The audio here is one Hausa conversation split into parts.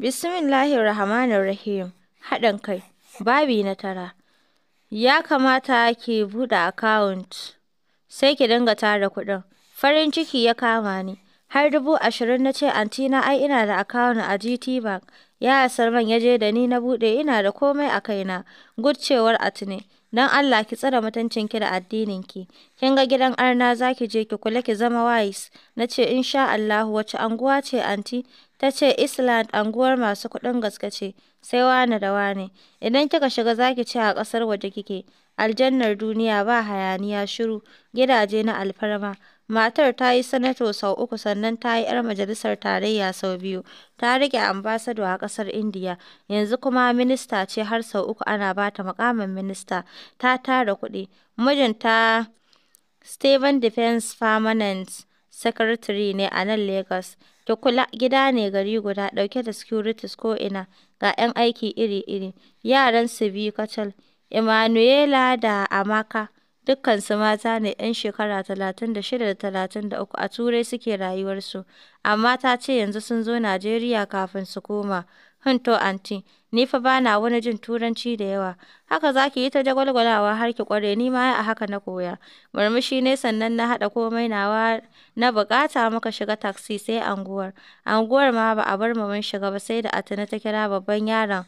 Bismillahirrahmanirrahim Haɗin kai, babi na tara, ya kamata ki buɗe akawunt sai ki dinga tara kuɗin. Farin ciki ya kama ni, har dubu ashirin na ce anti na ai ina da akawun a GTBank. Ya man ya je da ni na buɗe ina da komai a kaina, gudcewar atine. Don Allah ki tsare ki da addinin ki Kin ga gidan arna zaki je ki kula ki zama wise. Na ce insha Allahu wace anguwa ce anti? Ta ce Iceland anguwar masu kuɗin gaske ce, sai wane da wane, idan kika shiga zaki ce a ƙasar waje kike, aljannar duniya ba hayaniya shiru, gidaje na alfarma. Matar ta yi sanato sau uku sannan ta yi 'yar majalisar tarayya sau biyu, ta riƙe ambasado a ƙasar Indiya, yanzu kuma minista ce har sau uku ana ba ta muƙamin minista, ta tara kuɗi. Mijinta Steven Defense Permanent Secretary ne a nan lagos. Ki kula, gida ne gari guda ɗauke da ko ko'ina, ga 'yan aiki iri-iri, yaransu biyu kacal, Emmanuela da Amaka, dukkansu mata ne 'yan shekara 36 da 33 a Turai suke rayuwarsu, amma ta ce yanzu sun zo Najeriya kafin su koma. hunto anti ni fa ba na wani jin Turanci da yawa, haka zaki yi ta jagwalgwalawa har ki kware ni ma a haka na koya,” murmushi ne sannan na haɗa komai nawa na bukata muka shiga taxi sai anguwar anguwar ma ba a bar mu mun shiga ba sai da atana ta kira babban yaron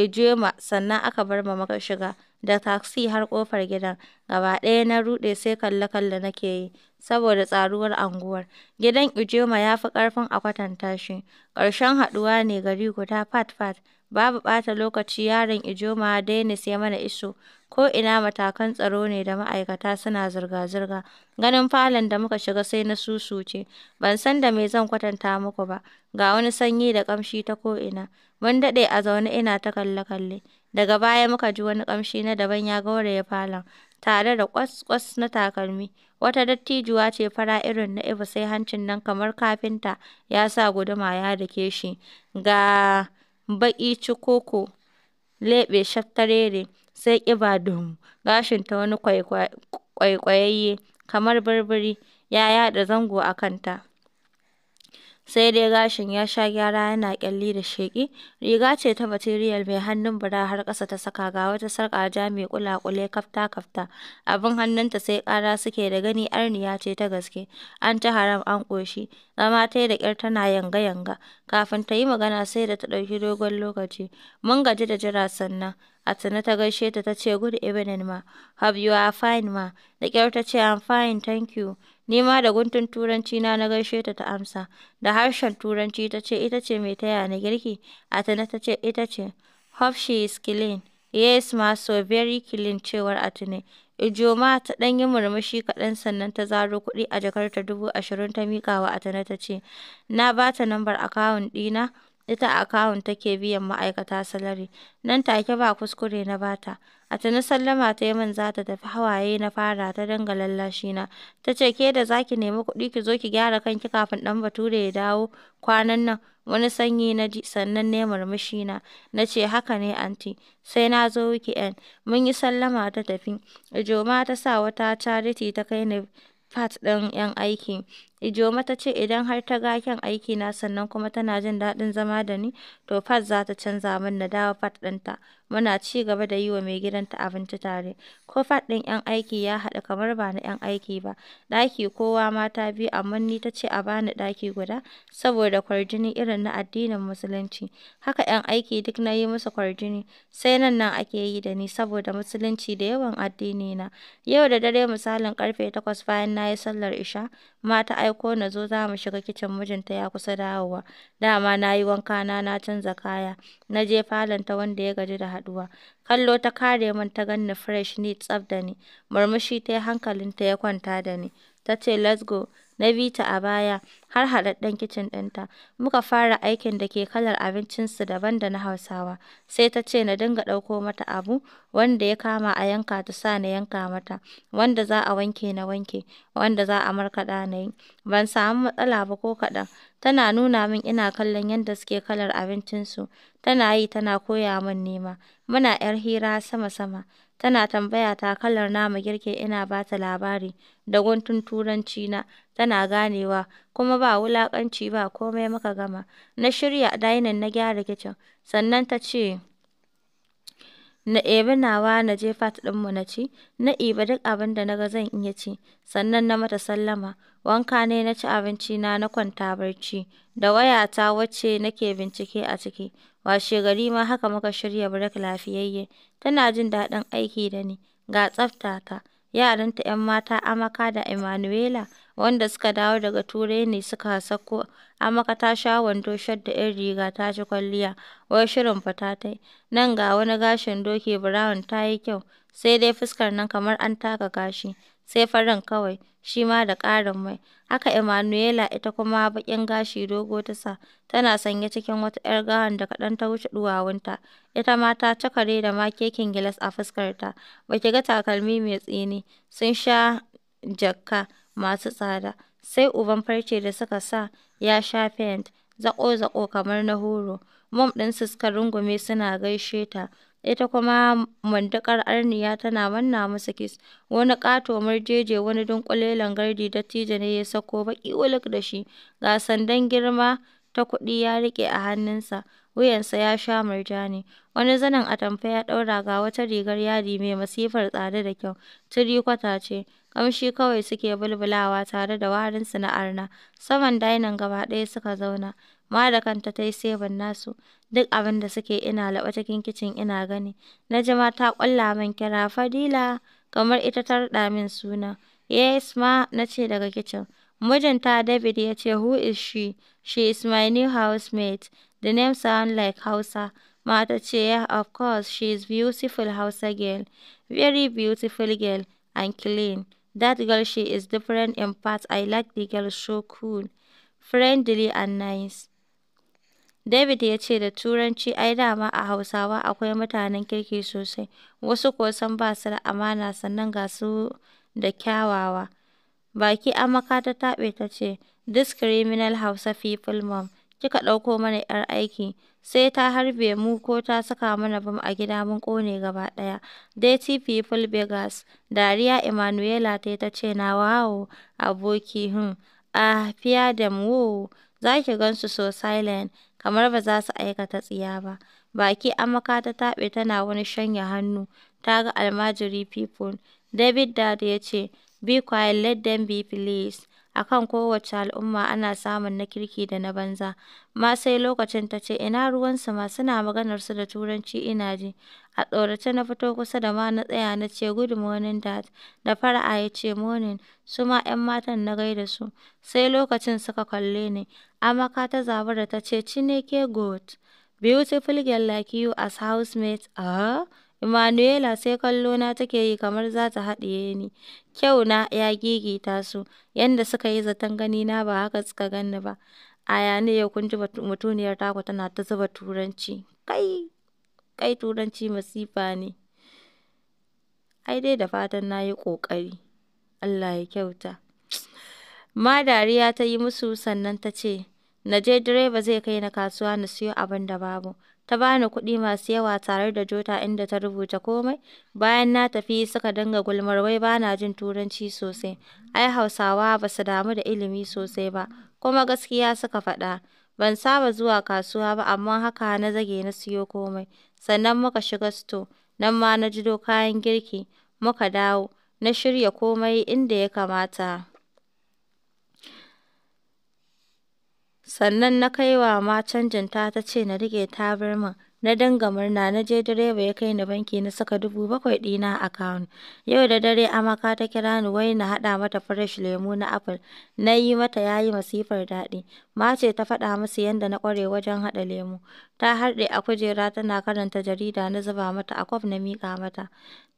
ejema sannan aka bar mu muka shiga. da taksi har ƙofar gidan, gaba ɗaya na rude sai kalle-kalle nake yi, saboda tsaruwar anguwar gidan Ijoma ya fi ƙarfin a kwatanta shi, ƙarshen haɗuwa ne gari guda fat-fat, babu ɓata lokaci yaron Ijoma daina ya mana iso, Ko ina matakan tsaro ne da ma'aikata suna zirga-zirga, ganin falon da muka shiga sai na susuce, ban san da me zan kwatanta muku ba, ga wani sanyi da ƙamshi ta ko ina mun daɗe a zaune ina ta kalle-kalle. Daga baya muka ji wani kamshi na daban ya gauraye falon, tare da kwas kwas na takalmi. Wata dattijuwa ce fara irin na Ibo sai hancin nan kamar kafinta ya sa guduma ya dake shi, ga baƙi cikoko lebe leɓe sai ƙiba dum, gashinta wani kwaikwayayye kamar birbiri ya yaɗa zango a kanta. sai dai gashin ya sha gyara yana ƙyalli da sheƙi. Riga ce ta material mai hannun bura har ƙasa ta saka ga wata sarƙa ja mai ƙulaƙule kafta-kafta. Abin hannunta sai ƙara suke da gani arniya ce ta gaske. An ci haram an ƙoshi. Zama ta da ƙyar tana yanga-yanga. Kafin ta yi magana sai da ta ɗauki dogon lokaci. Mun gaji da jira sannan. Atine ta gaishe ta ta ce, "Good evening ma, have you are fine ma." Da ƙyar ta ce, "I'm fine, thank you." Ni ma da guntun Turanci na na gaishe ta ta amsa, da harshen Turanci ta ce, "Ita ce mai taya na girki?" Atine ta ce, "Ita ce." "Hope she is clean." "Yes ma, so very clean," cewar Atine. Ijoma ta ɗan yi murmushi kaɗan sannan ta zaro kuɗi a jakarta dubu ashirin ta miƙa wa Atine ta ce, "Na ba ta lambar akawun ɗina." ita a akawun take biyan ma'aikata salari, nan take ba kuskure na bata. A tuni sallama ta yi min za ta tafi hawaye na fara ta dinga na. ta ce ke da za nemi kuɗi ki zo ki gyara kanki kafin ɗan bature ya dawo kwanan nan. Wani sanyi na ji sannan ne murmushi na, na ce haka ne anti, sai na zo wiki en. mun yi sallama ta tafi, Ijoma ta sa wata charity ta kai ni fat ɗin 'yan aiki. Ijeoma ta ce idan har ta ga kyan aikina sannan kuma tana jin daɗin zama da ni, to fat za ta canza min na dawo fat ɗinta. Muna ci gaba da yi wa mai ta abinci tare, fat ɗin ‘yan aiki ya haɗu kamar ba na ‘yan aiki ba, ɗaki kowa mata biyu amma ni ta ce a bani ɗaki guda saboda kwarjini irin na addinin Musulunci, haka ‘yan aiki duk na yi musu kwarjini, sai nan nan ake yi da ni saboda Musulunci da yawan addini na. Yau da dare misalin ƙarfe takwas bayan na yi sallar isha, mata aiko na zo za mu shiga kicin mijinta ya kusa dawowa, dama na yi wanka na canza kaya, na je ta wanda ya gaji da haɗuwa, kallo ta kare min ta ganni fresh ne tsaf da ni, murmushi tayi hankalinta ya kwanta da ni, ta ce “let's go” na bi a baya har haɗaɗɗen kicin ɗinta, muka fara aikin da ke kalar abincinsu daban da na Hausawa, sai ta ce na dinga ɗauko mata abu, wanda ya kama a yanka ta sa na yanka mata, wanda za a wanke na wanke, wanda za a markaɗa na yi. Ban samu matsala ba ko kaɗan, tana nuna min ina kallon yadda suke kalar abincinsu, tana yi tana koya min nima, muna 'yar hira sama-sama. Tana tambaya ta kalar namu girkin ina ba ta labari da guntun Turanci na. tana ganewa, kuma ba wulakanci ba komai muka gama. Na shirya dainin na gyara kicin, sannan ta ce na ebi nawa na je fat ɗinmu na ci, na ibi duk abin da na zan iya ci, sannan na mata sallama. Wanka ne na ci abinci na na kwanta barci, da wayata wacce nake bincike a ciki. washe gari ma haka muka shirya break lafiyayye, tana jin daɗin aiki da ni, ga tsafta ta, yaranta 'yan mata Amaka da emanuela wanda suka dawo daga Turai ne suka sako Amaka ta sha wando, shadda, 'yan riga, ta ji kwalliya, wai shirin fita ta nan ga wani gashin doki brown ta yi kyau, sai dai fuskar nan kamar an taka gashi, sai farin kawai, shi ma da ƙarin mai, haka Emmanuela ita kuma bakin gashi dogo ta sa, tana sanye cikin wata 'yar gawan da kaɗan ta wuce ɗuwawunta, ita ma ta cakare da ma kekin gilas a fuskarta, ba ki ga takalmi mai tsini, sun sha jakka. masu tsada, sai uban farce da suka sa ya sha fent zaƙo-zaƙo kamar na horo, Mom ɗinsu suka rungume suna gaishe ta, ita kuma mandakar arniya tana manna musu kis wani ƙato murjeje wani dunƙulelen gardi dattijo ne ya sako baƙi wuluk da shi, ga sandan girma ta kuɗi ya riƙe a hannunsa. wuyansa ya sha murjani, wani zanin atamfa ya ɗaura ga wata rigar yadi mai masifar tsada da kyau, tiri-kwata ce, Kamshi kawai suke bulbulawa tare da warinsu na arna, saman dainin gaba ɗaya suka zauna, ma da kanta ta yi sebin nasu, duk abin da suke ina laɓa cikin kicin ina gani, na ji ma ta ƙwalla min kira Fadila, kamar ita ta raɗa min suna, yes ma na ce daga kicin. Mijinta David ya ce, Who is she? She is my new housemate. The name sound like Hausa. Mata ce 'Yar of course, she's beautiful Hausa girl, very beautiful girl and clean. That girl she is different in parts, I like the girl, so cool, friendly and nice.” David ya ce da Turanci ai dama a Hausawa akwai mutanen kirki sosai, wasu kuwa sam ba su da amana sannan ga su da kyawawa. Baki amaka ta taɓe ta ce, criminal Hausa people mom, kika ɗauko mana 'yar aiki, sai ta harbe mu ko ta saka mana bam a gida mun kone gaba ɗaya. Dirty people beggars. Dariya Emmanuela ta yi ta ce nawa wow, aboki hmm, ah fiya da wow, za ki gansu so silent, kamar ba za su aikata tsiya ba. Baki Amaka ta taɓe tana wani shanya hannu, ta ga almajiri people. David Dad ya ce, Be quiet, let them be please. A kan kowace al'umma ana samun na kirki da na banza, Ma sai lokacin ta ce, ina ruwansu ma, suna maganarsu da Turanci ina ji. A tsorace na fito kusa da ma na tsaya na ce, good morning dad, da fara'a ya ce morning, su ma 'yan matan na gaida su, sai lokacin suka kalle ni, Amaka ta da ta ce, Chineke good, beautiful girl like you as housemate, ah? Emanuela sai kallo na take yi kamar za ta haɗiye ni, Kyau na ya gigita su, yadda suka yi zaton gani na ba haka suka ganni ba, a hayaniyar ya kunji mutuniyar taku tana ta zuba Turanci, kai! Kai Turanci masifa ne, ai dai da fatan na yi ƙoƙari, Allah ya kyauta. Ma dariya ta yi musu sannan ta ce, na je direba zai kai na kasuwa na siyo abin da babu. Ta bani ni kuɗi masu yawa tare da Jota inda ta rubuta komai, bayan na tafi suka dinga gulmar wai bana jin Turanci sosai, ai Hausawa ba su damu da ilimi sosai ba, kuma gaskiya suka faɗa. Ban saba zuwa kasuwa ba amma haka na zage na siyo komai, sannan muka shiga sto nan ma na jido kayan girki, muka dawo, na shirya komai inda ya kamata. sannan na kaiwa ma canjinta ta ce na rike riƙe tabarmar. Na dinga murna, na je direba ya kai ni banki na saka dubu bakwai dina a akawun. Yau da dare Amaka ta kira ni wai na haɗa mata fresh lemu na apple. Na yi mata ya yi masifar daɗi. Ma ce ta faɗa musu yadda na kware wajen haɗa lemu. Ta harɗe a kujera tana karanta jarida na zuba mata a kwaf na miƙa mata.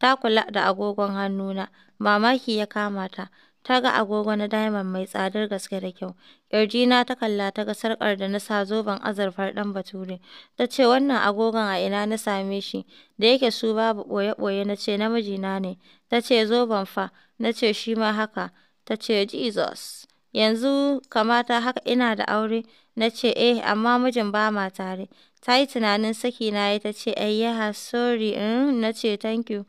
Ta kula da agogon hannuna. Mamaki ya kama ta. Ta ga agogo na diamond mai tsadar gaske da kyau. Ƙirjina ta kalla ta ga sarƙar da na sa zoben azurfar ɗan bature. Ta ce wannan agogon a ina na same shi, da yake su babu ɓoye-ɓoye na ce na ne. Ta ce zoben fa, na ce shi ma haka. Ta ce Jesus, yanzu kamata haka ina da aure? Na ce eh, amma mijin ba ma tare. Ta yi tunanin saki na ya ta ce ayyaha sorry, mm, na ce thank you.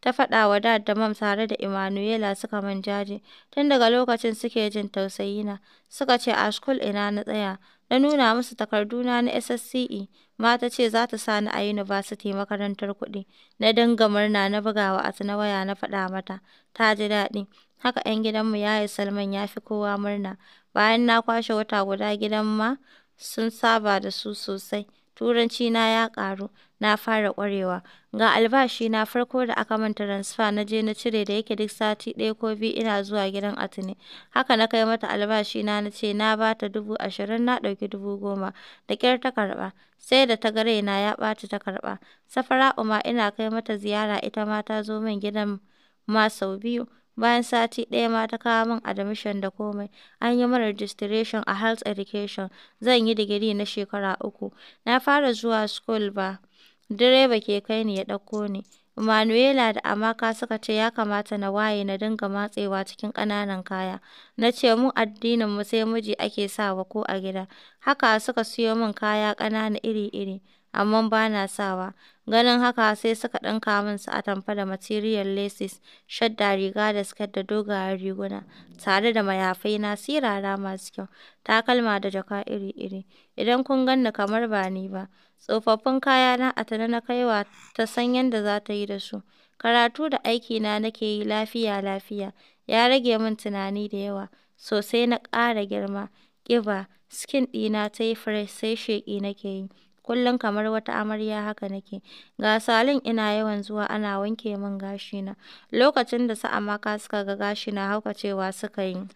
ta faɗa wa Dad da Mom tare da Emmanuela suka min jaje, tun daga lokacin suke jin tausayi na suka ce a school ina na tsaya, na nuna musu takarduna na SSCE, ma ta ce za ta sa ni a university makarantar kuɗi, na dinga murna na bugawa a na waya na faɗa mata, ta ji daɗi. Haka 'yan gidanmu ya yi Salman ya fi kowa murna, bayan na kwashe wata guda gidan ma sun saba da su sosai, Turanci na ya ƙaru. na fara ƙwarewa, ga albashi na farko da aka manta transfer na je na cire da yake duk sati ɗaya ko biyu ina zuwa gidan atini haka na kai mata albashi na ce na ba ta dubu ashirin na ɗauki dubu goma, da ƙyar ta karɓa, sai da ta ga raina ya ɓaci ta karɓa. Safara uMa ina kai mata ziyara ita ma ta zo min gidan ma sau biyu. bayan sati ɗaya ma ta kawo min admission da komai an yi min registration a health education zan yi digiri na shekara uku na fara zuwa school ba Direba ke kai ni ya ɗauko ni. Emmanuela da Amaka suka ce ya kamata na waye na dinga matsewa cikin ƙananan kaya. Na ce mu addininmu sai miji ake sawa ko a gida. Haka suka siyo min kaya ƙanana iri-iri, amma ba na sawa. Ganin haka sai suka ɗinka min su atamfa da material laces, shadda riga da siket da dogayen riguna, tare da mayafai na sirara masu kyau, takalma da jaka iri-iri. Idan kun ganni kamar ba ni ba. Tsofaffin kayana a tare na kaiwa ta san yadda za ta yi da su, karatu da aikina nake yi lafiya-lafiya, ya rage min tunani da yawa, sosai na ƙara girma, ƙiba, skin ɗina ta yi fresh sai sheƙi nake yi, kullum kamar wata amarya haka nake, ga salon ina yawan zuwa ana wanke min gashina, lokacin da su Amaka suka ga gashi gashina haukacewa suka yi,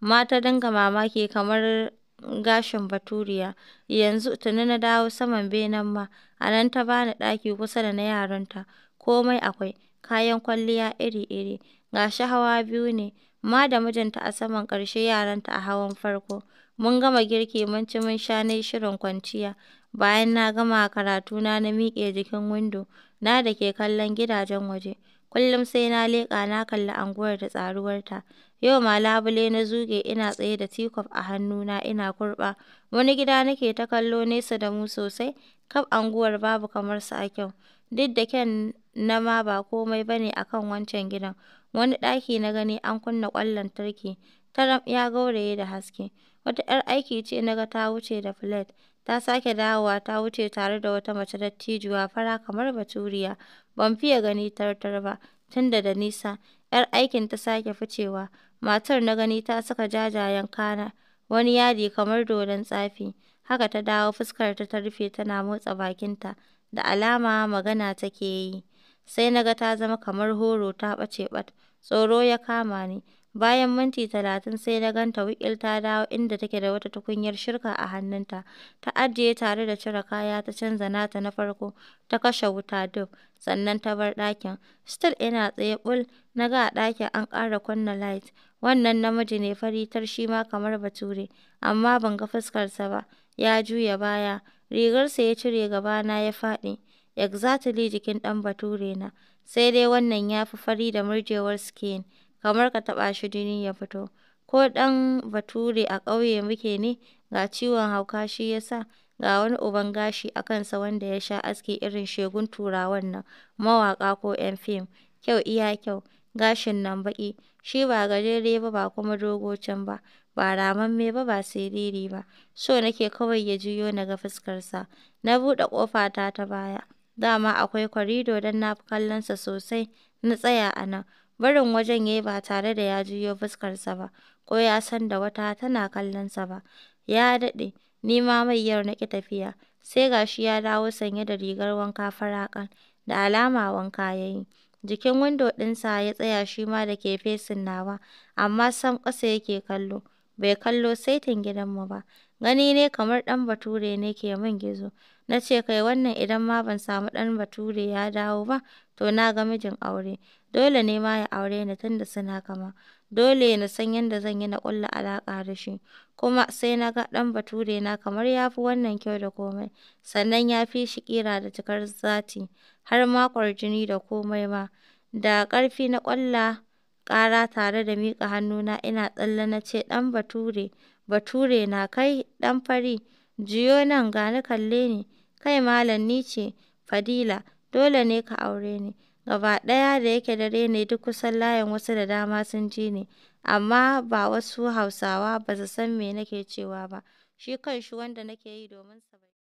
Mata dinga mamaki kamar gashin baturiya, yanzu tuni na dawo saman benen ma, a nan ta bani ɗaki kusa da na yaranta, komai akwai, kayan kwalliya iri-iri, ga hawa biyu ne, ma da mijinta a saman ƙarshe yaranta a hawan farko, mun gama girki mun ci mun sha na shirin kwanciya, bayan na gama karatuna na miƙe jikin windo, na da ke kallon gidajen waje, kullum sai na leƙa na kalli anguwar da tsaruwarta. Yau ma labule na zuge ina tsaye da teacup a hannuna ina kurɓa, wani gida nake ta kallo nesa da mu sosai, kaf anguwar babu kamar su a kyau, duk da kyan na ma ba komai ba ne a kan wancan gidan, wani ɗaki na gani an kunna ƙwan lantarki, taram ya gauraye da haske, wata 'yar aiki ce na ga ta wuce da filet, ta sake dawowa ta wuce tare da wata mace dattijuwa fara kamar baturiya, ban fiye gani tartar ba, tunda da nisa, 'yar aikin ta sake ficewa. Matar na gani ta saka jajayen kana, wani yadi kamar dodon tsafi, haka ta dawo fuskarta ta rufe tana motsa bakinta, da alama magana take yi, sai naga ta zama kamar horo ta ɓace ɓat, tsoro ya kama ni. Bayan minti talatin sai na ganta Wikil ta dawo inda take da wata tukunyar shirka a hannunta, ta ajiye tare da cire kaya ta canza nata na farko, ta kashe wuta duf, sannan ta bar ɗakin. Still ina tsaye ɓul, na ga a ɗakin an ƙara kunna light. Wannan namiji ne fari tar shi ma kamar Bature, amma ban ga fuskarsa ba, ya juya baya, rigarsa ya cire gabana ya faɗi. Exactly jikin ɗan Bature na, sai dai wannan ya fi fari da murjewar skin. kamar ka taɓa shi jini ya fito. Ko ɗan Bature a ƙauye muke ne, ga ciwon hauka shi ya sa, ga wani uban gashi a kansa wanda ya sha aski irin shegun Turawan nan, mawaƙa ko 'yan fim, kyau iya kyau, gashin nan baƙi, shi ba gajere ba ba kuma dogo can ba, ba ramamme ba ba siriri ba, so nake kawai ya juyo na ga fuskarsa. Na buɗe ƙofa ta ta baya, dama akwai kwarido don na fi kallonsa sosai, na tsaya a nan. Barin wajen ya yi ba tare da ya juyo fuskarsa ba ko ya san da wata tana kallonsa ba. Ya daɗe, ni ma mai yau na ƙi tafiya, sai ga shi ya dawo sanye da rigar wanka faraƙa, da alama wanka ya yi. Jikin windo ɗinsa ya tsaya shi ma da ke fesin nawa, amma sam ƙasa yake kallo, bai kallo saitin gidanmu ba. Gani ne kamar ɗan bature ne ke min gizo. Na ce kai wannan idan ma ban samu ɗan bature ya dawo ba, to na ga mijin aure. Dole ne ma ya aure ni tunda suna kama, dole na san yadda zan yi na ƙulla alaƙa da shi, kuma sai na ga ɗan bature na kamar ya fi wannan kyau da komai, sannan ya fi shi kira da cikar zati, har makon jini da komai ma, da ƙarfi na ƙwalla ƙara tare da miƙa hannuna ina tsalle na ce ɗan Bature, bature na kai ɗan fari, jiyo nan ga ni kalle ni, kai malam ni ce, Fadila, dole ne ka aure ni. Gaba ɗaya da yake dare ne duk kusan layin wasu da dama sun ji ne amma ba wasu Hausawa ba su san me nake cewa ba, shi kan shi wanda nake yi domin sa bai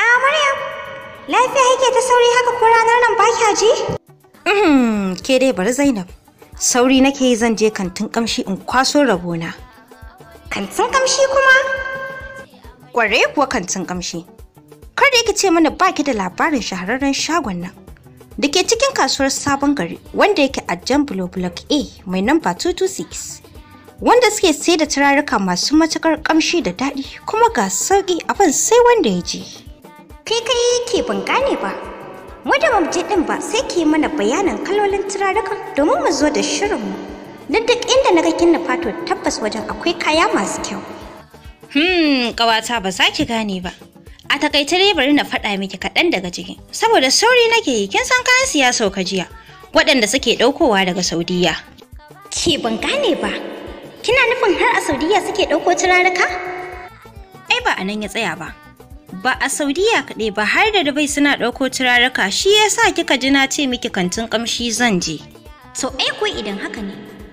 A Maryam, lafiya yake ta sauri haka ko ranar nan ba kya ji? Uhm, ke dai bari Zainab. Sauri nake yi zan je kantin kamshi in kwaso rabona. Kantin kamshi kuma? Kware kuwa kantin kamshi. Kar da yake ce mana baki da labarin shahararren shagon nan. da ke cikin kasuwar sabon gari wanda yake a jan block a mai namba 226 wanda suke sai da turaruka masu matakar kamshi da daɗi kuma ga sauƙi abin sai wanda ya je kai kai yake ban gane ba wadda mu je ɗin ba sai ke mana bayanan kalolin turarukan domin mu zo da shirinmu don duk inda na ga kinna fato tabbas wajen akwai kaya masu kyau hmm ƙawata ba za ki gane ba A takaice dai bari na faɗa miki kaɗan daga ciki, saboda sauri nake yi kin san kayan siya sauka jiya, waɗanda suke ɗaukowa daga Saudiyya. Ke ban gane ba, kina nufin har a Saudiyya suke ɗauko turaruka? Ai ba a nan ya tsaya ba. Ba a Saudiyya kaɗai ba har da Dubai suna ɗauko turaruka shi yasa kika ji na ce miki kantin ƙamshi zan je. To ai ko idan haka ne,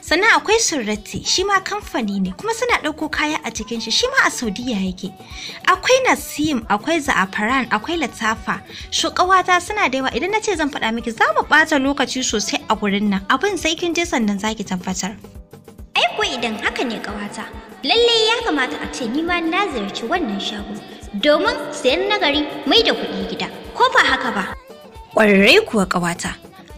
sannan akwai surratti shi ma kamfani ne kuma suna ɗauko kaya a cikin shi shi ma a saudiya yake akwai nasim akwai za'afaran akwai latafa shukawata suna da yawa idan na ce zan faɗa miki za mu ɓata lokaci sosai a gurin nan abin sai kin je sannan zaki tabbatar ai ko idan haka ne kawata lalle ya kamata a ce ni ma na ziyarci wannan shago domin sayan nagari mai da kuɗi gida ko ba haka ba ƙwararrai kuwa kawata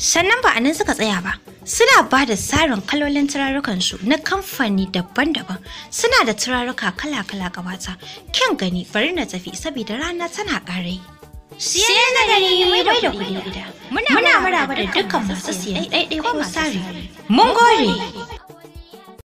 Sannan ba a nan suka tsaya ba, suna ba da tsarin kalolin turarukansu na kamfani daban-daban suna da turaruka kala-kala gabata. Kyan gani bari na tafi saboda rana tana ƙarai. Siyan da gani mai bai da kuɗi gida. Muna ba da dukkan masu siyan ɗaiɗai ko Mun gore!